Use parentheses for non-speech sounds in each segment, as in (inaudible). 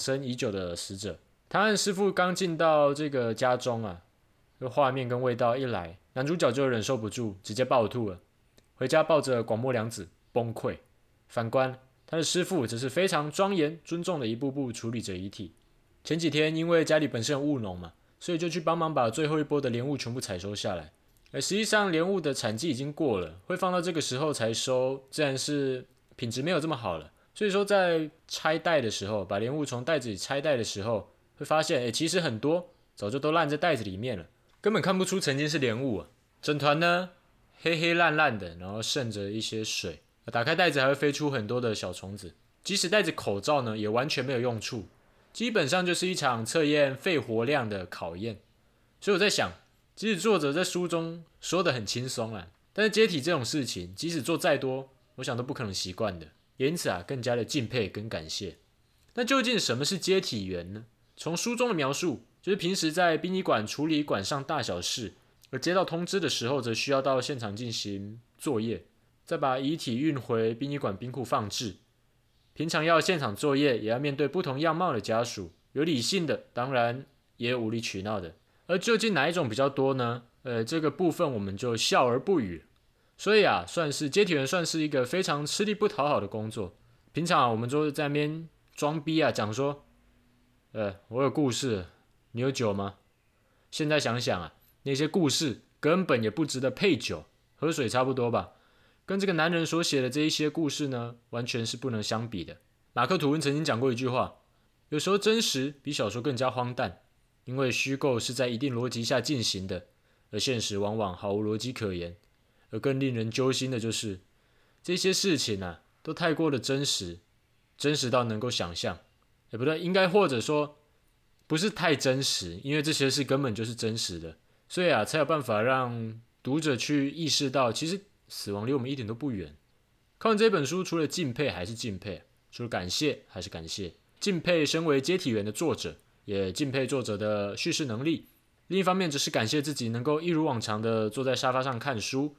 生已久的死者，他和師傅剛進到這個家中啊，這畫面跟味道一來，男主角就忍受不住，直接暴吐了。回家抱着廣末涼子崩潰。反觀他的師傅，則是非常莊嚴、尊重的一步步處理着遺體。前幾天因為家裡本身有務農嘛，所以就去幫忙把最後一波的蓮霧全部採收下來。而實際上蓮霧的產季已經過了，會放到這個時候才收，自然是品質沒有這麼好了。所以說，在拆袋的時候，把蓮霧從袋子裡拆袋的時候，會發現，欸，其實很多早就都爛在袋子裡面了，根本看不出曾經是蓮霧啊。整團呢黑黑爛爛的，然後滲着一些水。打開袋子還會飛出很多的小蟲子。即使戴着口罩呢，也完全沒有用處。基本上就是一場測驗肺活量的考驗。所以我在想，即使作者在書中說得很輕鬆啊，但是接體這種事情，即使做再多，我想都不可能習慣的。因此啊，更加的敬佩跟感謝。那究竟什麼是接體員呢？從書中的描述，就是平時在殯儀館處理館上大小事，而接到通知的時候，則需要到現場進行作業，再把遺體運回殯儀館冰庫放置。平常要現場作業，也要面對不同樣貌的家屬，有理性的，當然也有無理取鬧的。而究竟哪一種比較多呢？呃，這個部分我們就笑而不語。所以啊，算是接體員，算是一個非常吃力不討好的工作。平常啊，我們都是在那邊裝逼啊，講說，呃，我有故事，你有酒嗎？現在想想啊，那些故事根本也不值得配酒，喝水差不多吧。跟這個男人所寫的這一些故事呢，完全是不能相比的。馬克吐溫曾經講過一句話，有時候真實比小說更加荒誕，因為虛構是在一定邏輯下進行的，而現實往往毫無邏輯可言。而更令人揪心的就是，這些事情啊，都太過的真實，真實到能夠想象。也不對，應該或者說不是太真實，因為這些事根本就是真實的，所以啊，才有辦法讓讀者去意識到，其實死亡離我們一點都不遠。看完這本書，除了敬佩還是敬佩，除了感謝還是感謝。敬佩身為接體員的作者，也敬佩作者的敘事能力。另一方面，只是感謝自己能夠一如往常的坐在沙發上看書。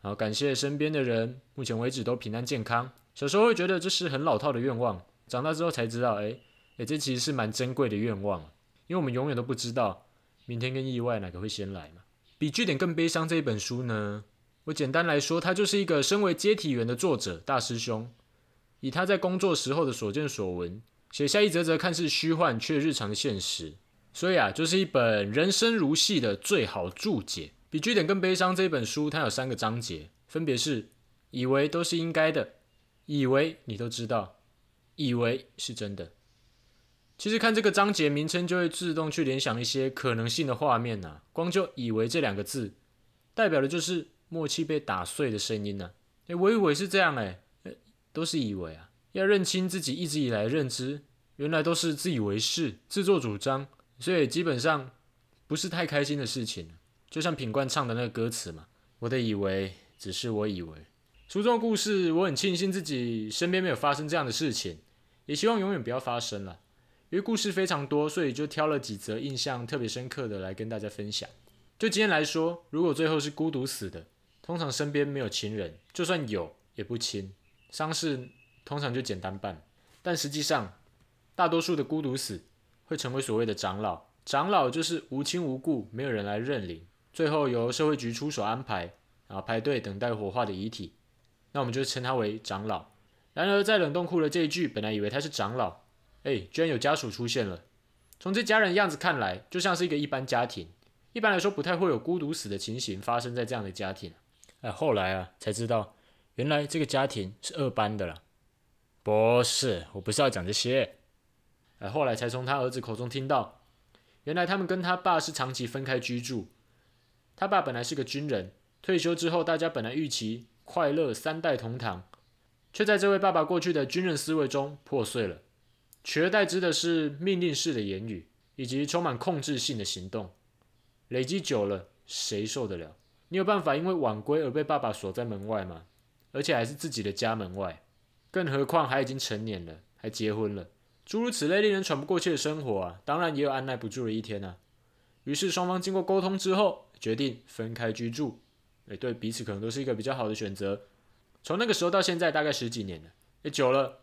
好，感謝身邊的人，目前為止都平安健康。小時候會覺得這是很老套的願望，長大之後才知道，誒、欸、誒、欸，這其實是蠻珍貴的願望，因為我們永遠都不知道明天跟意外哪個會先來嘛。《比句點更悲傷》這一本書呢，我簡單來說，它就是一個身為接體員的作者大師兄，以他在工作時候的所見所聞，寫下一則則看似虛幻卻日常的現實，所以啊，就是一本人生如戲的最好注解。《比句點更悲傷》這一本書，它有三個章節，分別是“以為都是應該的”，“以為你都知道”，“以為是真的”。其實看這個章節名稱，就會自動去聯想一些可能性的畫面吶、啊。光就“以為”這兩個字，代表的就是默契被打碎的聲音吶、啊。誒、欸，我以為是這樣誒、欸欸，都是以為啊。要認清自己一直以來的認知，原來都是自以為是、自作主張，所以基本上不是太開心的事情。就像品冠唱的那個歌詞嘛，我的以為只是我以為。書中的故事，我很慶幸自己身邊沒有發生這樣的事情，也希望永遠不要發生了。因為故事非常多，所以就挑了幾則印象特別深刻的來跟大家分享。就今天來說，如果最後是孤獨死的，通常身邊沒有親人，就算有也不親，喪事通常就簡單辦。但實際上，大多數的孤獨死會成為所謂的長老，長老就是無親無故，沒有人來認領。最後由社會局出手安排，啊，排隊等待火化的遺體，那我們就稱他為長老。然而在冷凍庫的這一句，本來以為他是長老，哎、欸，居然有家屬出現了。從這家人的樣子看來，就像是一個一般家庭，一般來說不太會有孤獨死的情形發生在這樣的家庭。哎，後來啊才知道，原來這個家庭是二班的啦。不是，我不是要講這些。哎，後來才從他兒子口中聽到，原來他們跟他爸是長期分開居住。他爸本來是個軍人，退休之後，大家本來預期快樂三代同堂，卻在這位爸爸過去的軍人思維中破碎了，取而代之的是命令式的言語以及充滿控制性的行動。累積久了，誰受得了？你有辦法因為晚歸而被爸爸鎖在門外嗎？而且還是自己的家門外，更何況還已經成年了，還結婚了。諸如此類令人喘不過氣的生活啊，當然也有按捺不住的一天啊。於是雙方經過溝通之後。決定分開居住，哎，對彼此可能都是一個比較好的選擇。從那個時候到現在，大概十幾年了，也久了，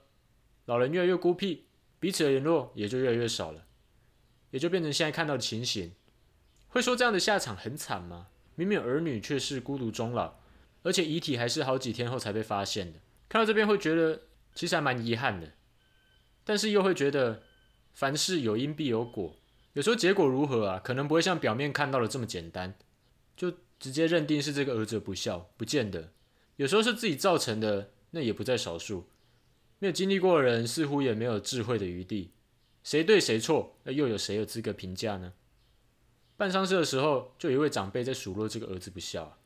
老人越來越孤僻，彼此的聯絡也就越來越少了，也就變成現在看到的情形。會說這樣的下場很慘嗎？明明兒女，卻是孤獨終老，而且遺體還是好幾天後才被發現的。看到這邊會覺得，其實還蠻遺憾的，但是又會覺得，凡事有因必有果。有時候結果如何啊？可能不會像表面看到的這麼簡單，就直接認定是這個兒子不孝，不見得。有時候是自己造成的，那也不在少數。沒有經歷過的人，似乎也沒有智慧的餘地。誰對誰錯，那又有誰有資格評價呢？辦喪事的時候，就有一位長輩在數落這個兒子不孝，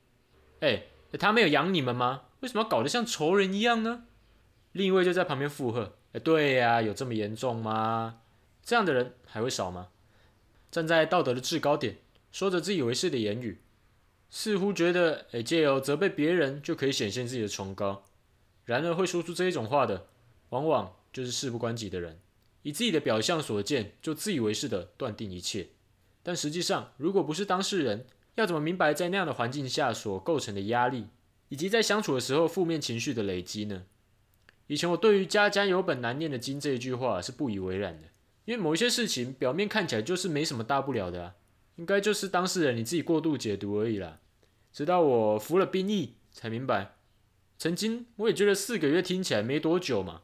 哎，他沒有養你們嗎？為什麼要搞得像仇人一樣呢？另一位就在旁邊附和，哎，對呀，啊，有這麼嚴重嗎？這樣的人還會少嗎？站在道德的制高點，說着自以為是的言語，似乎覺得，誒，借由責備別人就可以顯現自己的崇高。然而，會說出這一種話的，往往就是事不關己的人，以自己的表象所見，就自以為是的斷定一切。但實際上，如果不是當事人，要怎麼明白在那樣的環境下所構成的壓力，以及在相處的時候負面情緒的累積呢？以前我對於“家家有本難念的經”這一句話是不以為然的。因為某一些事情，表面看起來就是沒什麼大不了的啊，應該就是當事人你自己過度解讀而已啦。直到我服了兵役才明白，曾經我也覺得四個月聽起來沒多久嘛，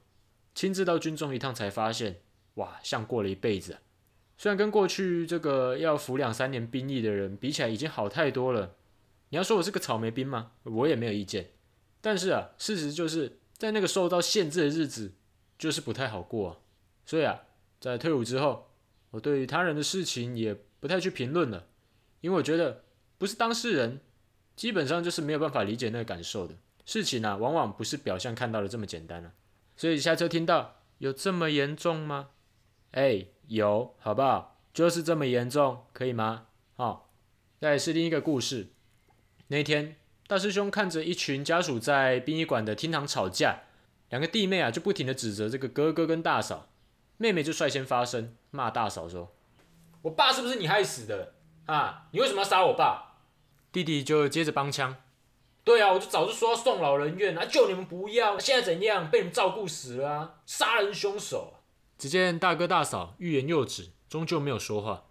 親自到軍中一趟才發現，哇，像過了一輩子啊。雖然跟過去這個要服兩三年兵役的人比起來已經好太多了，你要說我是個草莓兵嗎？我也沒有意見。但是啊，事實就是在那個受到限制的日子，就是不太好過啊。所以啊。在退伍之後，我對於他人的事情也不太去評論了，因為我覺得不是當事人，基本上就是沒有辦法理解那個感受的。事情呢、啊，往往不是表象看到的這麼簡單了、啊。所以下次聽到有這麼嚴重嗎？哎，有，好不好？就是這麼嚴重，可以嗎？好、哦，再來是另一個故事。那天大師兄看着一群家屬在殯儀館的廳堂吵架，兩個弟妹啊就不停的指責這個哥哥跟大嫂。妹妹就率先發聲，罵大嫂說：“我爸是不是你害死的啊？你為什麼要殺我爸？”弟弟就接着幫腔：“對啊，我就早就說要送老人院啊，就你們不要、啊，現在怎樣，被你們照顧死了、啊，殺人兇手！”只見大哥大嫂欲言又止，終究沒有說話。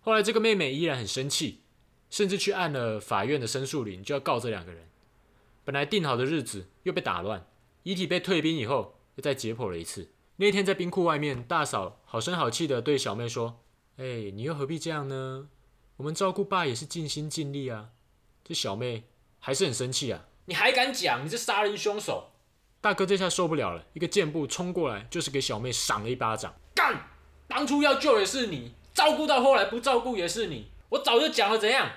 後來這個妹妹依然很生氣，甚至去按了法院的申訴鈴，就要告這兩個人。本來定好的日子又被打亂，遺體被退冰以後，又再解剖了一次。那一天在冰庫外面，大嫂好聲好氣地對小妹說：“哎、欸，你又何必這樣呢？我們照顧爸也是盡心盡力啊。”這小妹還是很生氣啊！你還敢講？你是殺人凶手！大哥這下受不了了，一個箭步衝過來，就是給小妹賞了一巴掌。幹！當初要救也是你，照顧到後來不照顧也是你。我早就講了，怎樣？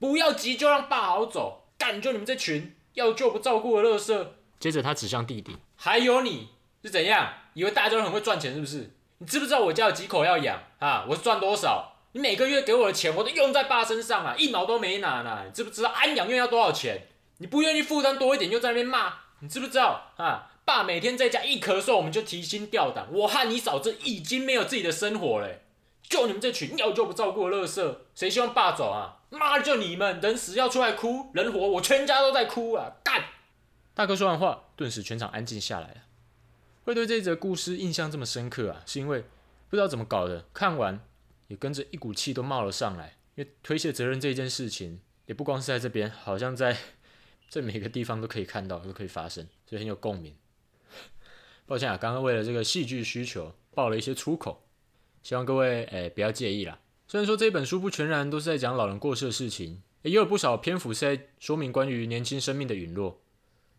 不要急，就讓爸好走。幹就你，你們這群要救不照顧的垃圾！接着他指向弟弟：“還有你是怎樣？”以為大家都很會賺錢是不是？你知不知道我家有幾口要養啊？我賺多少？你每個月給我的錢我都用在爸身上啊。一毛都沒拿呢、啊。你知不知道安養院要多少錢？你不願意負擔多一點，又在那邊罵，你知不知道啊？爸每天在家一咳嗽，我們就提心吊膽。我和你嫂子已經沒有自己的生活了，就你們這群要就不照顧我樂色，誰希望爸走啊？媽的，就你們，人死要出來哭，人活我全家都在哭啊！幹！大哥說完話，頓時全場安靜下來了。會對這則故事印象這麼深刻啊，是因為不知道怎麼搞的，看完也跟着一股氣都冒了上來。因為推卸責任這件事情，也不光是在這邊，好像在在每個地方都可以看到，都可以發生，所以很有共鳴。 (laughs) 抱歉啊，剛剛為了這個戲劇需求爆了一些粗口，希望各位誒不要介意啦。雖然說這本書不全然都是在講老人過世的事情，也有不少篇幅是在說明關於年輕生命的隕落，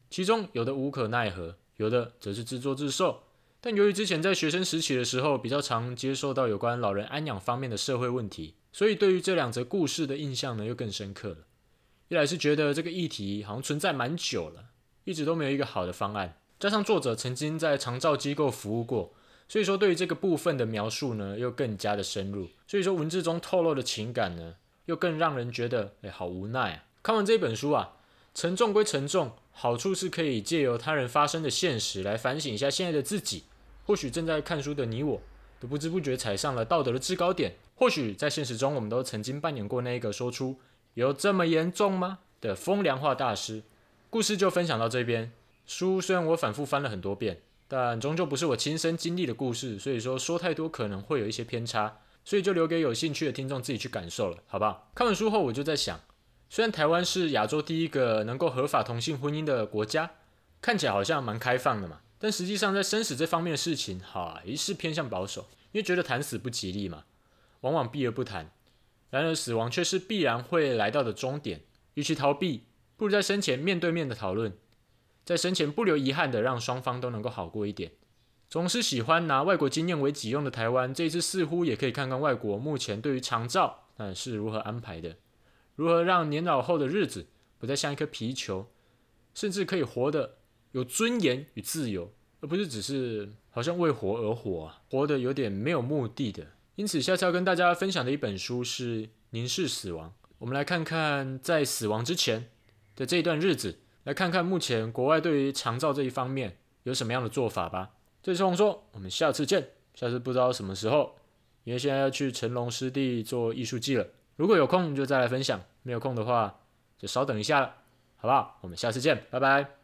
其中有的無可奈何，有的則是自作自受，但由於之前在學生時期的時候比較常接受到有關老人安養方面的社會問題，所以對於這兩則故事的印象呢又更深刻了。一來是覺得這個議題好像存在蠻久了，一直都沒有一個好的方案，加上作者曾經在長照機構服務過，所以說對於這個部分的描述呢又更加的深入，所以說文字中透露的情感呢又更讓人覺得哎，好無奈啊！看完這本書啊，沉重歸沉重。好處是可以借由他人發生的現實來反省一下現在的自己。或許正在看書的你我，都不知不覺踩上了道德的制高點。或許在現實中，我們都曾經扮演過那一個說出“有這麼嚴重嗎”的風涼話大師。故事就分享到這邊。書雖然我反覆翻了很多遍，但終究不是我親身經歷的故事，所以說說太多可能會有一些偏差，所以就留給有興趣的聽眾自己去感受了，好不好？看完書後，我就在想。雖然台灣是亞洲第一個能夠合法同性婚姻的國家，看起來好像蠻開放的嘛，但實際上在生死這方面的事情，還、啊、是偏向保守，因為覺得談死不吉利嘛，往往避而不談。然而，死亡卻是必然會來到的終點，與其逃避，不如在生前面對面的討論，在生前不留遺憾的，讓雙方都能夠好過一點。總是喜歡拿外國經驗為己用的台灣，這一次似乎也可以看看外國目前對於長照嗯是如何安排的。如何讓年老後的日子不再像一顆皮球，甚至可以活得有尊嚴與自由，而不是只是好像為活而活，啊，活得有點沒有目的的？因此，下次要跟大家分享的一本書是《凝視死亡》。我們來看看在死亡之前的這一段日子，來看看目前國外對於長照這一方面有什麼樣的做法吧。這次紅說，我們下次見。下次不知道什麼時候，因為現在要去成龍濕地做藝術季了。如果有空就再來分享，沒有空的話就稍等一下了，好不好？我們下次見，拜拜。